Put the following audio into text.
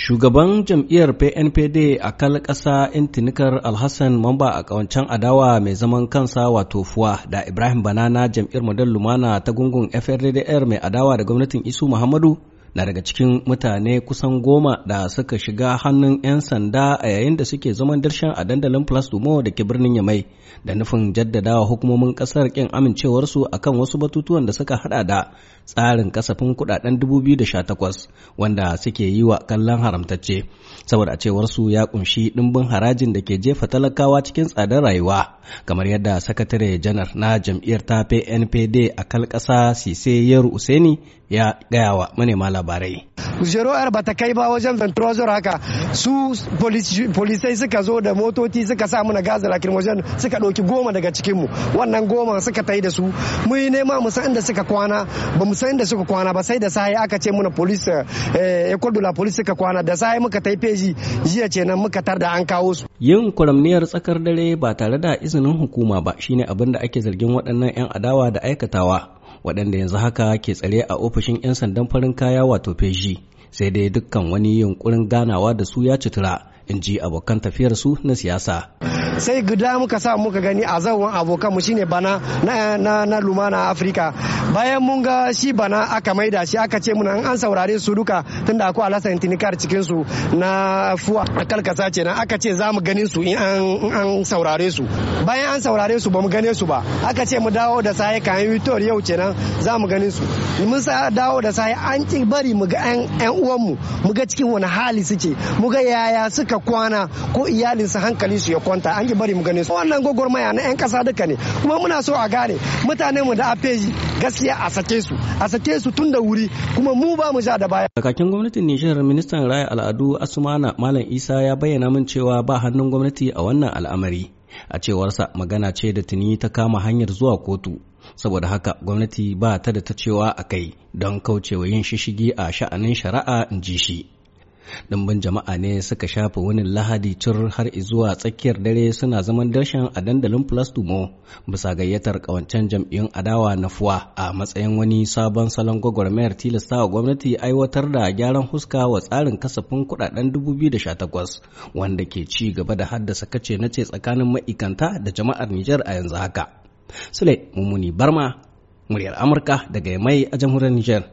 Shugaban jam'iyyar PNPD a kal ƙasa intinikar Alhassan mamba a ƙawancen adawa mai zaman kansa wato fuwa da Ibrahim Banana jam'iyyar Model Lumana ta gungun FRDDR mai adawa da gwamnatin Isu Muhammadu na daga cikin mutane kusan goma da suka shiga hannun 'yan sanda a yayin da suke zaman darshan a dandalin Place Dumo da ke birnin Yamai da nufin jaddadawa hukumomin kasar kin amincewarsu a kan wasu batutuwan da suka hada da tsarin kasafin kudaden 2018 wanda suke yi wa kallon haramtacce saboda cewarsu ya kunshi dimbin harajin da ke jefa talakawa cikin tsadar rayuwa kamar yadda sakatare janar na jam'iyyar ta PNPD a kalkasa Sise Yeru Useni ya gaya wa manema labarai jero'ar ba bata kai ba wajen ventrozor haka su polisai suka zo da motoci suka sa mana gaza lakin wajen suka ɗauki goma daga cikinmu wannan goma suka tai da su mu yi nema mu san inda suka kwana ba mu san inda suka kwana ba sai da sai aka ce muna polis eh, ecole de la police suka kwana da sai muka tai feji jiya ce nan muka tar da an kawo su yin kuramniyar tsakar dare ba tare da izinin hukuma ba shine abin da ake zargin waɗannan 'yan adawa da aikatawa waɗanda yanzu haka ke tsare a ofishin 'yan sandan farin kaya wato feshi sai dai dukkan wani yunkurin ganawa da su ya citura in ji abokan tafiyarsu na siyasa sai guda muka sa muka gani a zawon abokan mu shine bana na na, na lumana afrika bayan mun ga shi bana aka maida shi aka ce muna an saurare su duka tunda akwai alasan tinikar cikin su na fuwa kalkasa ce na aka ce za mu ganin su in an saurare su bayan an saurare su ba mu gane su ba aka ce mu dawo da saye yi victor yau kenan za mu ganin su mun sa dawo da saye an ki bari mu ga yan uwan mu mu ga cikin wani hali suke mu ga yaya suka kwana ko iyalinsu hankali su ya kwanta an ki bari mu gane su wannan gwagwarmaya na yan kasa duka ne kuma muna so a gane mutane mu da afeji gaskiya a sake su a sake su tun da wuri kuma mu ba mu ja da baya kakakin gwamnatin Nijar ministan raya al'adu Asumana Malam Isa ya bayyana min cewa ba hannun gwamnati a wannan al'amari a cewarsa magana ce da tuni ta kama hanyar zuwa kotu saboda haka gwamnati ba ta da ta cewa a kai don kaucewa yin shishigi a sha'anin shari'a in ji shi Ɗimbin jama'a ne suka shafa wani lahadi cir har zuwa tsakiyar dare suna zaman dashen a dandalin dumo bisa gayyatar kawancen jam'iyyun adawa na fuwa a matsayin wani sabon salon gwagwarmayar tilasta wa gwamnati aiwatar da gyaran huska wa tsarin kasafin kuɗaɗen 2018 wanda ke ci gaba da haddasa kace na ce tsakanin ma'ikanta da jama'ar Nijar a yanzu haka. Sule Mummuni Barma, muryar Amurka daga mai a jamhuriyar Nijar.